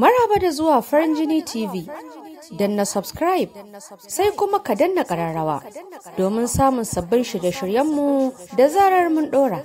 Maraba da zuwa farin jini TV. na subscribe sai kuma ka danna kararrawa domin samun sabbin shirye-shiryenmu da zarar mun dora.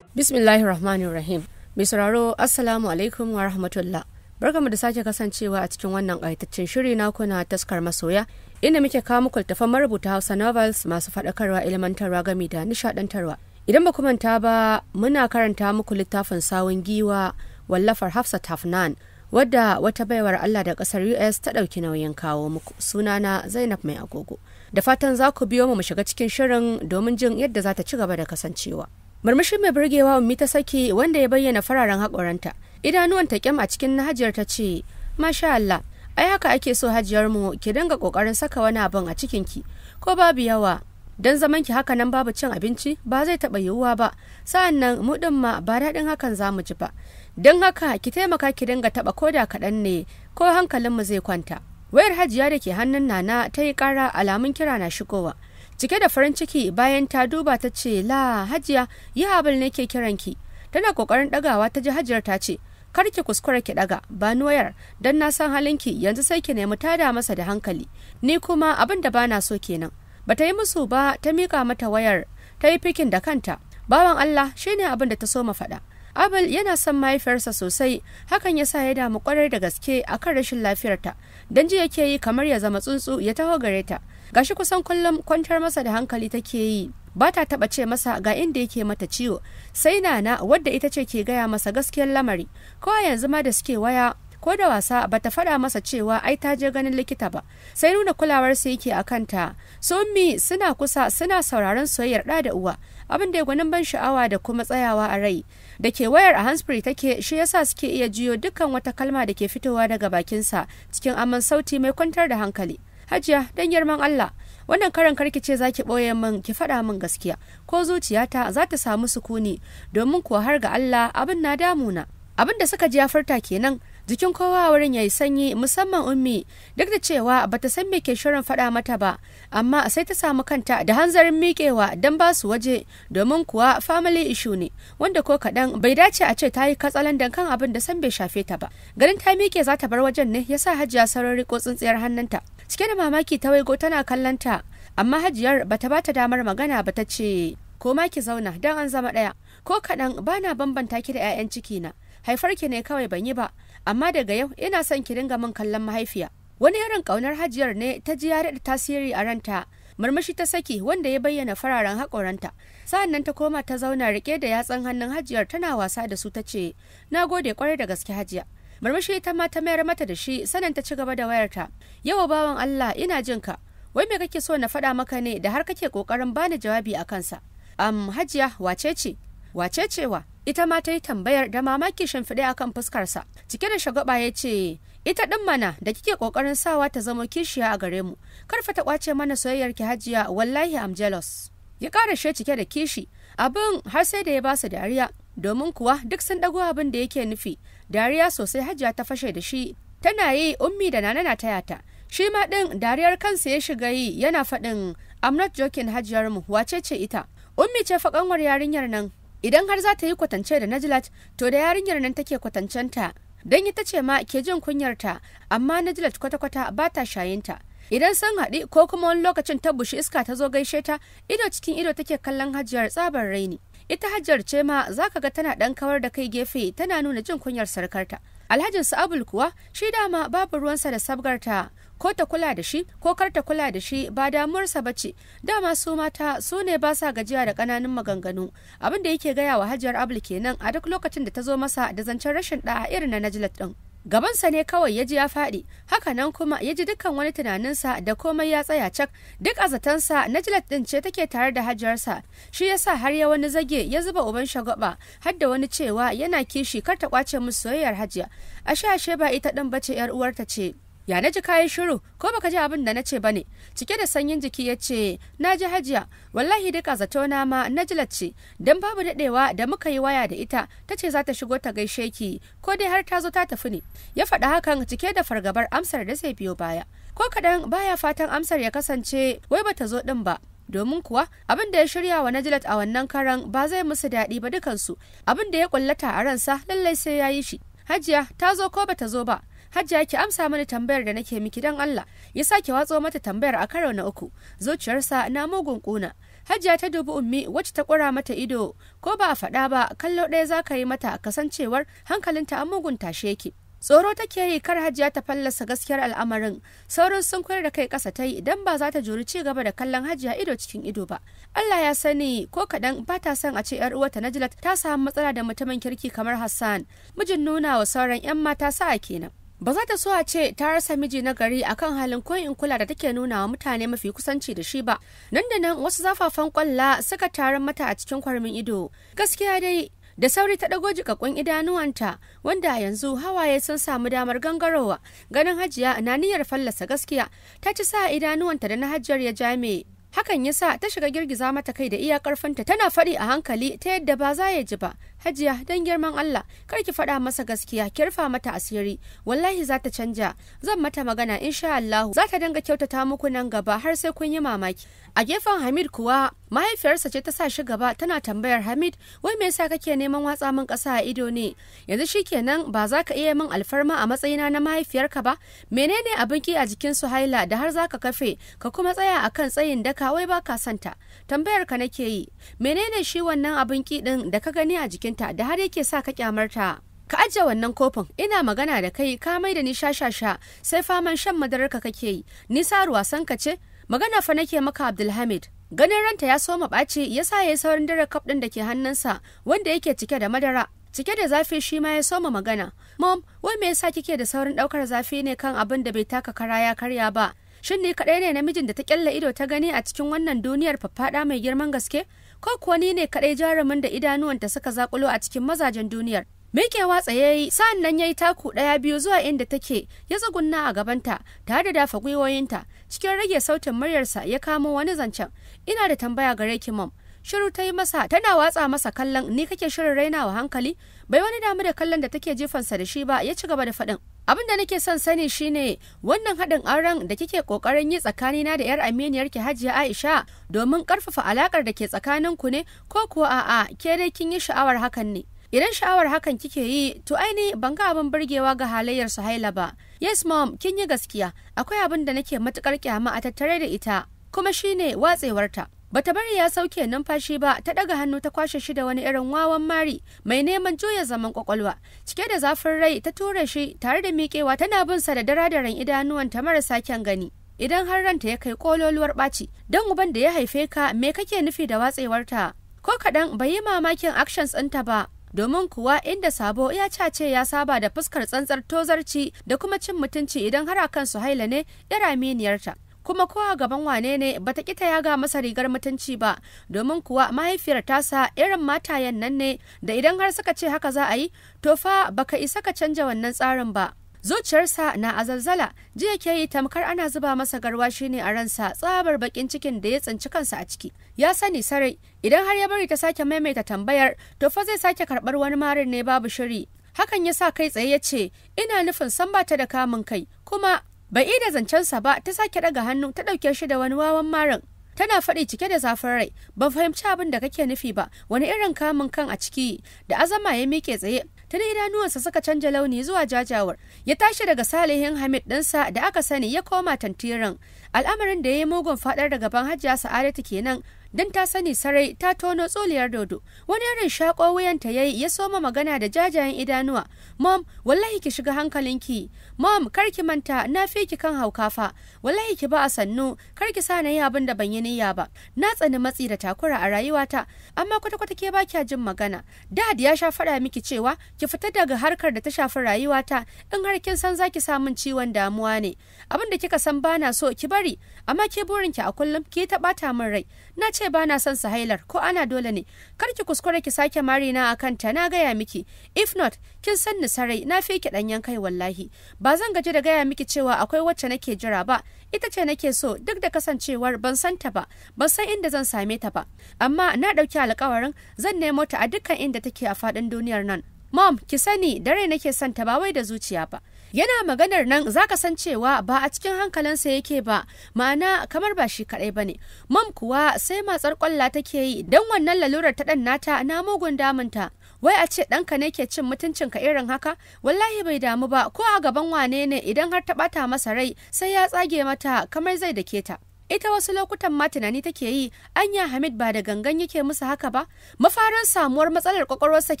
Bismillahirrahmanirrahim. Mai sauraro Assalamu alaikum wa rahmatullah. Barkamu da sake kasancewa a cikin wannan ƙaitaccen shiri na kuna taskar masoya inda muke kawo muku littafan marubuta Hausa novels masu faɗakarwa ilmantarwa gami da nishaɗantarwa. Idan ba manta ba muna karanta muku littafin sawun giwa wallafar Hafsat Hafnan wadda wata baiwar Allah da kasar US ta ɗauki nauyin kawo muku sunana Zainab Mai Agogo. Da fatan za ku biyo mu mu shiga cikin shirin domin jin yadda za ta ci gaba da kasancewa. murmushin mai burgewa ummi ta saki wanda ya bayyana fararen haƙoranta idanuwan ta kyam a cikin nahajiyar ta ce masha Allah ai haka ake so hajiyar mu ki dinga kokarin saka wani abin a cikin ki ko babu yawa dan zaman ki haka nan babu cin abinci ba zai taɓa yiwuwa ba sa'an nan mu din ma ba daɗin hakan za mu ji ba don haka ki taimaka ki dinga taɓa da kaɗan ne ko hankalinmu zai kwanta wayar hajiya da ke hannun nana ta yi ƙara alamun kira na shigowa cike da farin ciki bayan ta duba ta ce la hajiya yi abin nake ki. tana kokarin dagawa ta ji hajiyar ta ce kar ki kuskura ki daga ba ni wayar dan na san halinki yanzu sai ki nemi tada masa da hankali ni kuma abin da bana so kenan ta yi musu ba ta mika mata wayar ta yi fikin da kanta bawan Allah shine abin da ta so ma faɗa Abel yana son mahaifiyarsa sosai, hakan ya sa ya damu kwarar da gaske akan rashin lafiyarta, don ji yake yi kamar ya zama tsuntsu ya taho gare ta, gashi kusan kullum kwantar masa da hankali take yi ba ta taba ce masa ga inda yake mata ciwo sai nana wadda ita ce ke gaya masa gaskiyar lamari ko yanzu ma da suke waya ko da wasa ba ta faɗa masa cewa ai ta je ganin likita ba sai nuna kulawar sa yake a kanta summi suna kusa suna sauraron soyayyar ɗa da uwa abin da ya gwanin ban sha'awa da kuma tsayawa a rai da ke wayar a handsfree take shi yasa suke iya jiyo dukkan wata kalma da ke fitowa daga bakinsa cikin aman sauti mai kwantar da hankali hajiya dan girman allah wannan karan karki ce zaki boye min ki faɗa min gaskiya ko zuciyata za ta samu sukuni domin kuwa har ga allah abin na damuna abin da suka ji ya furta kenan jikin kowa wurin ya yi sanyi musamman ummi duk da cewa ba ta san me ke shirin faɗa mata ba amma sai ta samu kanta da hanzarin miƙewa don ba su waje domin kuwa family issue ne wanda ko kaɗan bai dace a ce ta yi katsalan dankan abin da san bai shafe ta ba garin ta miƙe za ta bar wajen ne yasa hajiya sarari riƙo tsintsiyar hannunta cike da mamaki ta waigo tana kallon ta amma hajiyar ba bata bata damar magana ba ta ce ko ma ki zauna don an zama ɗaya ko kaɗan bana bambanta ki da 'ya'yan ciki na haifar ki ne kawai ban yi ba amma daga yau ina son ki dinga min kallon mahaifiya wani irin kaunar hajiyar ne ta ji ya da tasiri a ranta murmushi ta saki wanda ya bayyana fararen haƙoranta sa'an nan ta koma ta zauna rike da yatsan hannun hajiyar tana wasa da su ta ce na gode kwarai da gaske hajiya murmushi ta ma ta mayar mata da shi sanan ta ci gaba da wayarta yawa bawan allah ina jin ka wai me kake so na faɗa maka ne da har kake ƙoƙarin bani jawabi a kansa am hajiya wace ce wace cewa ita ma ta yi tambayar da mamaki shimfiɗe a kan fuskarsa cike da shagaba ya ce ita ɗin mana da kike ƙoƙarin sawa ta zama kishiya a gare mu karfa ta ƙwace mana soyayyar ki hajiya wallahi am jealous ya ƙara she cike da kishi abin har sai da ya ba su dariya domin kuwa duk sun ɗago abin da yake nufi dariya sosai hajiya ta fashe da shi tana yi ummi da nana na taya ta shi ma ɗin dariyar kansa ya shiga yi yana faɗin I'm not joking hajiyar mu wace ce ita Ummi ce faƙanwar yarinyar nan idan har za ta yi kwatance da najlat to da yarinyar nan take kwatancenta don ita ce ma ke jin kunyarta amma najlat kwata-kwata ba ta shayinta idan sun haɗi ko kuma wani lokacin ta bushi iska ta zo gaishe ta ido cikin ido take kallon hajiyar tsabar raini ita hajiyar ce ma za ka ga tana ɗan kawar da kai gefe tana nuna jin kunyar sarkarta alhajin sa'abul kuwa shi dama babu ruwansa da sabgarta ko ta kula da shi ko kar ta kula da shi ba damuwarsa ba ce dama su mata su ne ba sa gajiya da kananan maganganu abin da yake gaya wa hajiyar abul kenan a duk lokacin da ta zo masa da zancen rashin ɗa'a irin na najlat ɗin gabansa ne kawai ya ji ya faɗi hakanan kuma ya ji dukkan wani tunaninsa da komai ya tsaya cak duk azatansa najlat din ce take tare da hajiyarsa shi yasa har ya wani zage ya zuba uban shagaba har da wani cewa yana kishi kar ta kwace musu soyayyar hajiya ashe ashe ba ita din bace yar uwarta ce ya na ji kayan shiru ko baka ji abin da na ce ba ne? cike da sanyin jiki ya ce na ji hajiya wallahi duka zato na ma na lacce dan babu daɗewa da muka yi waya da ita ta ce za ta shigo ta gaishe ki ko dai har ta zo ta tafi ne ya faɗa hakan cike da fargabar amsar da zai biyo baya ko kaɗan baya fatan amsar ya kasance wai bata zo ɗin ba domin kuwa abin da ya shirya wa Najilat a wannan karan ba zai musu daɗi ba dukansu abin da ya kullata a ransa lallai sai ya yi shi hajiya ta zo ko bata zo ba Hajiya ki amsa mani tambayar da nake miki dan Allah. Ya sake watso mata tambayar a karo na uku. Zuciyarsa na mugun kuna. Hajiya ta dubi ummi wacce ta kura mata ido ko ba a faɗa ba kallo ɗaya za ka yi mata kasancewar hankalinta a mugun tashe ki. Tsoro take yi kar hajiya ta fallasa gaskiyar al'amarin, saurin sun koyar da kai ƙasa ta yi idan ba za ta juri ci gaba da kallon hajiya ido cikin ido ba. Allah ya sani ko kaɗan ba ta son a ce ‘yar uwata Najlat ta samu matsala da mutumin kirki kamar Hassan, mijin nuna wa sauran ‘yan mata sa'a kenan. ba za ta so a ce ta rasa miji na gari akan halin koyin kula da take nuna wa mutane mafi kusanci da shi ba nan da nan wasu zafafan kwalla suka taron mata a cikin kwarmin ido gaskiya dai da sauri ta dago jikakkun idanuwanta wanda yanzu hawaye sun samu damar gangarowa ganin hajiya na niyyar fallasa gaskiya ta ci sa idanuwanta da na hajiyar ya jame hakan ya sa ta shiga girgiza mata kai da iya karfinta tana faɗi a hankali ta yadda ba za ya ji ba hajiya don girman Allah kar ki faɗa masa gaskiya ki mata asiri wallahi za ta canja zan mata magana insha Allah za ta dinga kyautata muku nan gaba har sai kun yi mamaki a gefen Hamid kuwa mahaifiyarsa ce ta sa shi gaba tana tambayar Hamid wai me yasa kake neman watsa min ƙasa a ido ne yanzu shikenan ba za ka iya min alfarma a matsayina na mahaifiyarka ba menene abin ki a jikin Suhaila da har za ka kafe ka kuma tsaya akan tsayin daka wai ba ka santa tambayar ka nake yi menene shi wannan abin ki din da ka gani a jikin jikinta da har yake sa ka kyamarta ka ajiye wannan kofin ina magana da kai ka mai da ni shashasha sai faman shan madarar ka kake yi ni saruwa san ka ce magana fa nake maka abdulhamid ganin ranta ya soma ɓaci ya sa ya yi saurin dare kaf ɗin da ke hannunsa wanda yake cike da madara cike da zafi shi ma ya soma magana mom wai me yasa kike da saurin ɗaukar zafi ne kan abin da bai taka kara ya karya ba shin ni kaɗai ne namijin da ta kyalla ido ta gani a cikin wannan duniyar faffaɗa mai girman gaske ko kuwa ni ne kaɗai jarumin da idanuwanta suka zakulo a cikin mazajen duniyar Mikewa tsaye ya yi sa'an nan ya yi taku ɗaya biyu zuwa inda take ya tsugunna a gabanta tare da dafa gwiwoyinta cikin rage sautin muryarsa ya kamo wani zancen ina da tambaya gare ki mam shiru ta yi masa tana watsa masa kallon ni kake shirin rainawa hankali bai wani damu da kallon da take jifansa da shi ba ya ci gaba da faɗin abin da nake son sani shine wannan haɗin auren da kike ƙoƙarin yi tsakanina da yar aminiyar ki hajiya aisha domin ƙarfafa alaƙar da ke tsakanin ku ne ko kuwa a'a ke dai kin yi sha'awar hakan ne idan sha'awar hakan kike yi to aini ban ga abin burgewa ga halayyar su haila ba yes mom kin yi gaskiya akwai abin da nake matukar kyama a tattare da ita kuma shine watsewarta Bata bari ya sauke numfashi ba ta daga hannu ta kwashe shi da wani irin wawan mari mai neman juya zaman kwakwalwa. Cike da zafin rai ta ture shi tare da miƙewa tana bin sa da daradaran idanuwan ta marasa kyan gani. Idan har ranta ya kai kololuwar ɓaci, don uban da ya haife ka me kake nufi da watsewarta? Ko kaɗan bai yi mamakin actions ɗinta ba, domin kuwa inda sabo ya cace ya saba da fuskar tsantsar tozarci da kuma cin mutunci idan har akan su haila ne ya raminiyarta. kuma kowa gaban wane ne bata kita ya ga masa rigar mutunci ba domin kuwa mahaifiyar tasa irin matayen nan ne da idan har suka ce haka za a yi to fa baka isa ka canja wannan tsarin ba zuciyarsa na azalzala jiya ke yi tamkar ana zuba masa garwashi ne a ransa tsabar bakin cikin da ya tsinci kansa a ciki ya sani sarai idan har ya bari ta sake maimaita tambayar to fa zai sake karɓar wani marin ne babu shiri hakan ya sa kai tsaye ya ce ina nufin san bata da kamun kai kuma bai yi da zancensa ba ta sake daga hannu ta ɗauke shi da wani wawan marin tana faɗi cike da zafin rai ban fahimci abin da kake nufi ba wani irin kamun kan a ciki da azama ya miƙe tsaye tuni idanuwansa suka canja launi zuwa jajawar ya tashi daga salihin hamid ɗinsa da aka sani ya koma tantirin al'amarin da ya yi mugun faɗar da gaban hajiya sa'adatu kenan don ta sani sarai ta tono tsoliyar dodo wani irin shako wuyanta yayi ya soma magana da jajayen idanuwa mom wallahi ki shiga hankalinki mom kar ki manta na fi ki kan hauka fa wallahi ki ba a sannu kar ki sa na yi abin da ban yi niyya ba na tsani matsi da takura a rayuwata amma kwata kwata ke ba kya jin magana dad ya sha faɗa miki cewa ki fita daga harkar da ta shafi rayuwata in har kin san zaki samun ciwon damuwa ne abin da kika san bana so ki bari amma ke burinki a kullum ke ta bata min rai na ce ne ba na son sahailar ko ana dole ne kar ki kuskure ki sake mari na akan ta na gaya miki if not kin san ni sarai na fi ki danyen kai wallahi ba zan gaji da gaya miki cewa akwai wacce nake jira ba ita ce nake so duk da kasancewar ban san ta ba ban san inda zan same ta ba amma na ɗauki alkawarin zan nemo ta a dukkan inda take a faɗin duniyar nan mom ki sani da rai nake son ta ba wai da zuciya ba yana maganar nan zaka san cewa ba a cikin hankalinsa yake ba ma'ana kamar ba shi kadai ba ne mam kuwa sai matsar kwalla take yi don wannan lalurar ta ɗan nata na mugun damunta wai a ce ɗanka ne ke cin mutuncinka irin haka wallahi bai damu ba ko a gaban wane ne idan har ta ɓata masa rai sai ya tsage mata kamar zai ke ta ita wasu lokutan ma tunani take yi anya hamid ba da gangan yake musu haka ba mafarin samuwar matsalar kwakwalwarsa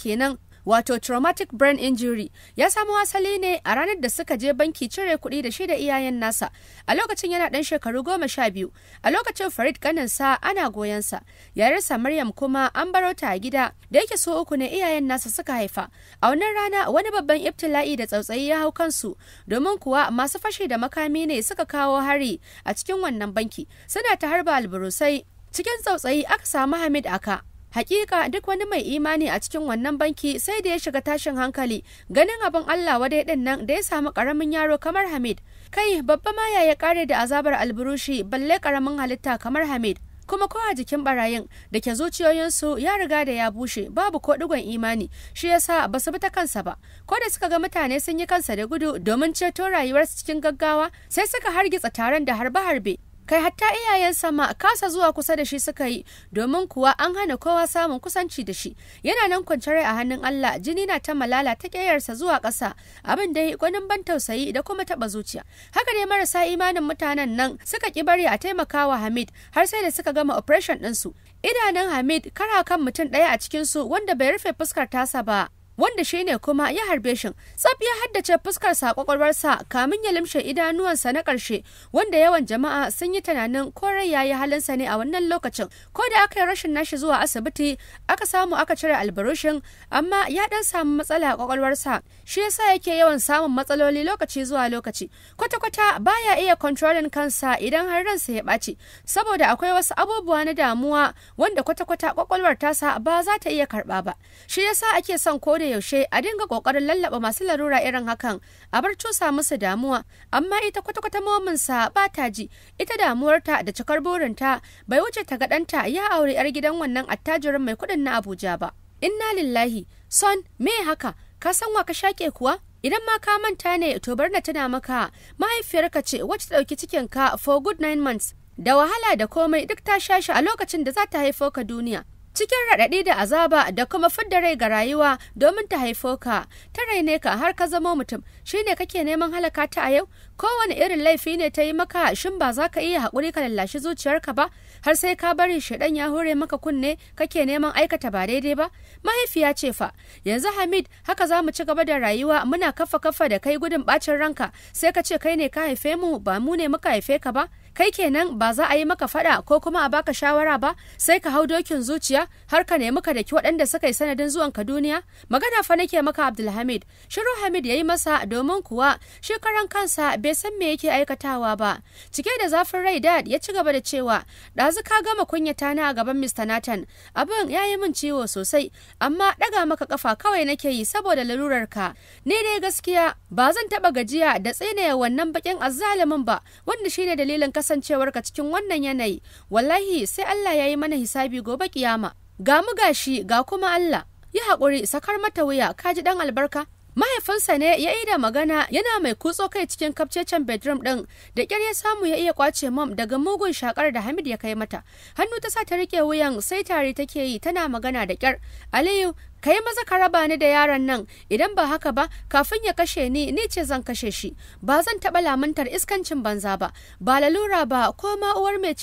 kenan wato traumatic brain injury ya samu asali ne a ranar da suka je banki cire kuɗi da shi da iyayen nasa a lokacin yana ɗan shekaru goma sha biyu a lokacin farid sa ana goyonsa yarinsa maryam kuma an baro ta a gida da yake so uku ne iyayen nasa suka haifa a wannan rana wani babban ibtila'i da tsautsayi ya hau kansu domin kuwa masu fashi da makami ne suka kawo hari a cikin wannan banki suna ta harba alburusai cikin tsautsayi aka samu hamid aka Hakika duk wani mai imani a cikin wannan banki sai da ya shiga tashin hankali ganin abin Allah wadai din nan da ya samu karamin yaro kamar Hamid. Kai babba ma ya kare da azabar alburushi balle karamin halitta kamar Hamid. Kuma ko a jikin barayin da ke zuciyoyinsu ya riga da ya bushe babu ko ɗigon imani shi yasa ba su bi ta kansa ba. Ko da suka ga mutane sun yi kansa da gudu domin ceto rayuwarsu cikin gaggawa sai suka hargitsa taron da harbe-harbe kai hatta iyayen sama kasa zuwa kusa da shi suka yi domin kuwa an hana kowa samun kusanci da shi yana nan kwanciyar a hannun Allah jini na ta malala ta keyarsa zuwa ƙasa abin da gwanin ban tausayi da kuma taba zuciya haka ne marasa imanin mutanen nan suka ki bari a taimakawa Hamid har sai da suka gama operation ɗinsu idanun Hamid kara kan mutum ɗaya a cikin su wanda bai rufe fuskar tasa ba wanda shi ne kuma ya harbe shi tsaf ya haddace fuskar sa kwakwalwarsa kamin ya limshe idanuwansa na karshe wanda yawan jama'a sun yi tunanin ko rai yayi halinsa ne a wannan lokacin ko da aka yi rashin nashi zuwa asibiti aka samu aka cire albarushin amma ya dan samu matsala a kwakwalwarsa shi yasa yake yawan samun matsaloli lokaci zuwa lokaci kwata-kwata baya iya kontrolin kansa idan har ransa ya ɓaci saboda akwai wasu abubuwa na damuwa wanda kwata-kwata kwakwalwar tasa ba za ta iya karɓa ba shi yasa ake son koda yaushe a dinga kokarin lallaba masu larura irin hakan a bar cusa musu damuwa amma ita kwata-kwata mominsa ba ta ji ita damuwarta da cikar burinta bai wuce ta ga ɗanta ya aure 'yar gidan wannan attajirin mai kuɗin na abuja ba inna lillahi son me haka ka san wa ka shaƙe kuwa idan ma ka manta ne to bar na tana maka mahaifiyarka ce wacce ta ɗauki ka for good nine months da wahala da komai duk ta shashi a lokacin da za ta haifo ka duniya cikin raɗaɗi da azaba da kuma fidda rai ga rayuwa domin ta haifo ka ta raine ka har ka zama mutum shine kake neman halaka ta a yau kowane irin laifi ne ta yi maka shin ba za ka iya haƙuri ka lallashi zuciyarka ba har sai ka bari shaidan ya hore maka kunne kake neman aikata ba daidai ba mahaifiya ce fa yanzu hamid haka za mu ci gaba da rayuwa muna kafa kafa da kai gudun bacin ranka sai ka ce kai ne ka haife mu ba mu ne muka haife ka ba kai kenan ba za a yi maka fada ko kuma a baka shawara ba sai ka hau dokin zuciya har ka nemi ka daki waɗanda suka yi sanadin zuwan ka duniya magana fa nake maka Abdulhamid shiru Hamid ya yi masa domin kuwa shekaran kansa bai san me yake aikatawa ba cike da zafin rai dad ya ci gaba da cewa ɗazu ka gama kunyata na a gaban Mr Nathan abin ya yi min ciwo sosai amma ɗaga maka kafa kawai nake yi saboda lalurar ka ni dai gaskiya ba zan taɓa gajiya da tsinaya wannan bakin azzalumin ba wanda shine dalilin kasa ka cikin wannan yanayi wallahi sai Allah ya yi mana hisabi gobe kiyama ga mu gashi ga kuma Allah yi haƙuri sakar mata wuya ka ji ɗan albarka mahaifinsa ne ya da magana yana mai kutso kai cikin kafcecen bedroom ɗin da ƙyar ya samu ya iya kwace mam daga mugun shakar da hamid ya kai mata hannu ta sa ta rike wuyan sai tare take yi tana magana da ƙyar aliyu ka yi maza ka raba ni da yaron nan idan ba haka ba kafin ya kashe ni ni ce zan kashe shi ba zan taɓa lamuntar iskancin banza ba ba lalura ba ko ma uwar ba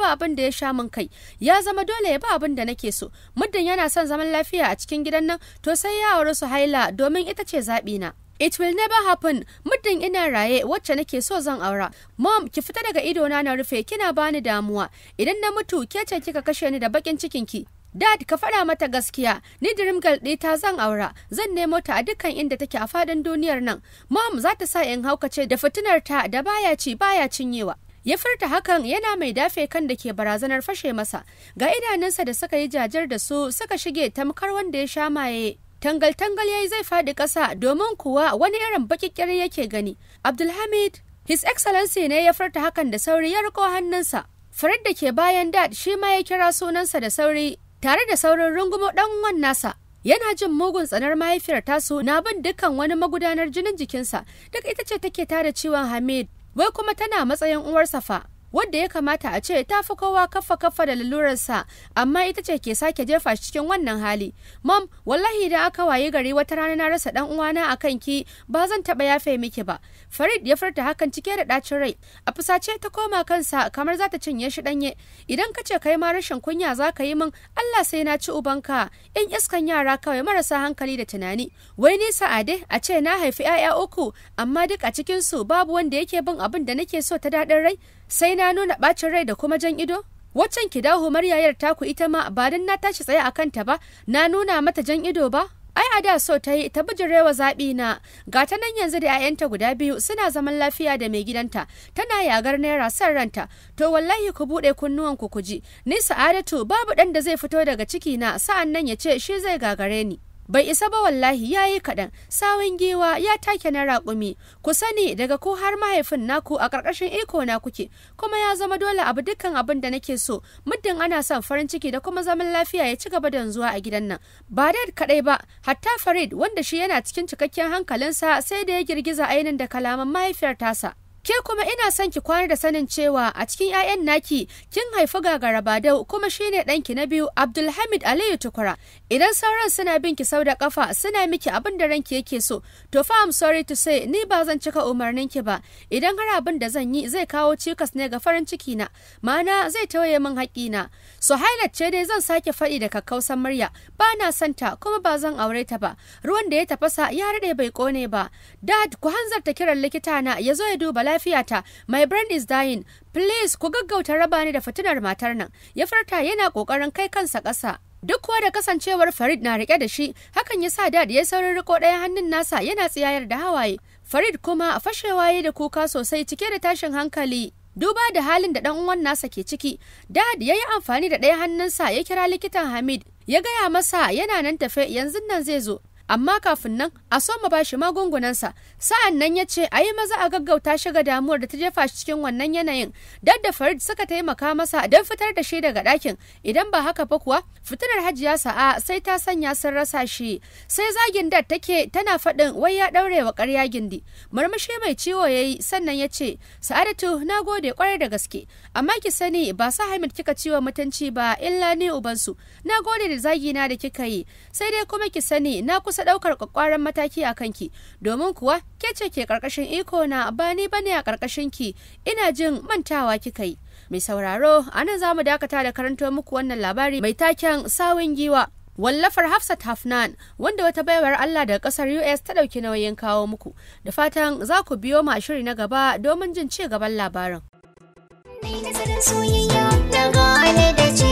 ba abin da ya sha min kai ya zama dole ya ba abin da nake so muddin yana son zaman lafiya a cikin gidan nan to sai ya auri su haila domin ita ce zaɓi na It will never happen. Muddin ina raye wacce nake so zan aura. Mom, ki fita daga idona na rufe kina bani damuwa. Idan na mutu ke ce kika kashe ni da bakin cikinki. Dad ka faɗa mata gaskiya ni dream girl ɗi ta zan aura zan nemo ta a dukkan inda take a faɗin duniyar nan mom za ta sa in haukace da fitinar ta da baya ci baya cinyewa ya furta hakan yana mai dafe kan da ke barazanar fashe masa ga idanunsa da suka yi jajar da su suka shige tamkar wanda ya sha maye tangal-tangal ya yi zai faɗi ƙasa domin kuwa wani irin ya yake gani abdulhamid his excellency ne ya furta hakan da sauri ya riko hannunsa Farid da ke bayan dad shi ma ya kira sunansa da sauri tare da sauran rungumo ɗan uwan nasa yana jin mugun tsanar mahaifiyar tasu na bin dukkan wani magudanar jinin jikinsa duk ita ce take tada ciwon hamid wai kuma tana matsayin uwarsa fa wadda ya kamata a ce ta fi kowa kafa kafa da lalurarsa amma ita ce ke sake jefa shi cikin wannan hali mom wallahi idan aka wayi gari wata rana na rasa dan uwana akan ki ba zan taba yafe miki ba farid ya furta hakan cike da dacin rai a fusace ta koma kansa kamar za ta cinye shi danye idan ka ce kai ma rashin kunya za ka yi min allah sai na ci uban ka. in iskan yara kawai marasa hankali da tunani wai ni sa'ade a ce na haifi 'ya'ya uku amma duk a cikin su babu wanda yake bin abin da nake so ta daɗin rai sai na nuna ɓacin rai da kuma jan ido waccan ki dawo maryayar taku ita ma ba dan na tashi tsaye a kanta ba na nuna mata jan ido ba ai a da so ta yi ta bijirewa zaɓi na ga ta nan yanzu da 'ya'yanta guda biyu suna zaman lafiya da mai gidanta tana yagar naira san ranta to wallahi ku buɗe kunnuwan ku ji ni sa'adatu babu ɗan da zai fito daga ciki na sa'an nan ya ce shi zai gagare ni bai isa ba wallahi ya yi kaɗan sawun giwa ya take na raƙumi ku sani daga ko har mahaifin naku a ƙarƙashin iko na kuke kuma ya zama dole abu dukkan abin da nake so muddin ana son farin ciki da kuma zaman lafiya ya ci gaba da zuwa a gidan nan ba dad kaɗai ba hatta farid wanda shi yana cikin cikakken hankalinsa sai da ya girgiza ainin da kalaman mahaifiyar tasa Ke kuma ina son ki kwana da sanin cewa a cikin 'ya'yan naki kin haifi gagara badau kuma shine ɗanki na biyu Abdulhamid Aliyu Tukura. Idan sauran suna bin ki sau da kafa suna miki abin da ranki yake so, to fa I'm sorry to say ni ba zan cika umarnin ki ba. Idan har abin da zan yi zai kawo cikas ne ga farin ciki na, ma'ana zai tawaye min haƙina. So highlight ce dai zan sake faɗi da kakkausan murya, ba na son ta kuma ba zan aure ta ba. Ruwan da ya tafasa ya rade bai kone ba. Dad ku hanzarta kiran likita na ya zo ya duba lafiyata. My brain is dying. Please ku gaggauta raba ni da fitinar matar nan. Ya furta yana ƙoƙarin kai kansa ƙasa. Duk kuwa da kasancewar Farid na rike da shi, hakan ya sa Dad ya saurin riko ɗaya hannun nasa yana tsiyayar da hawaye. Farid kuma a fashewa ya da kuka sosai cike da tashin hankali. Duba da halin da ɗan uwan nasa ke ciki, Dad ya yi amfani da ɗaya hannunsa ya kira likitan Hamid. Ya gaya masa yana nan tafe yanzu nan zai zo, amma kafin nan a so mu bashi magungunansa sa'an nan ya ce a yi maza a gaggauta shi ga damuwar da ta jefa shi cikin wannan yanayin dad da farid suka taimaka masa don fitar da shi daga ɗakin idan ba haka ba kuwa fitinar hajiya sa'a sai ta sanya sun rasa shi sai zagin dad take tana faɗin wai ya ɗaure wa ƙarya gindi murmushi mai ciwo ya yi sannan ya ce sa'adatu na gode kwarai da gaske amma ki sani ba sa hamid kika ciwo mutunci ba illa ni ubansu na gode da zagina da kika yi sai dai kuma ki sani na kusa ta ɗaukar kwakwaran mataki a kanki domin kuwa ke ce ke karkashin iko na ba ni bane a karkashin ki ina jin mantawa kika yi. Mai sauraro a nan za mu dakata da karanto muku wannan labari mai taken sawun giwa wallafar Hafsat Hafnan wanda wata baiwar Allah daga kasar US ta dauki nauyin kawo muku. Da fatan za ku biyo ma shiri na gaba domin jin ci gaban labarin. Mai soyayya da gane da ce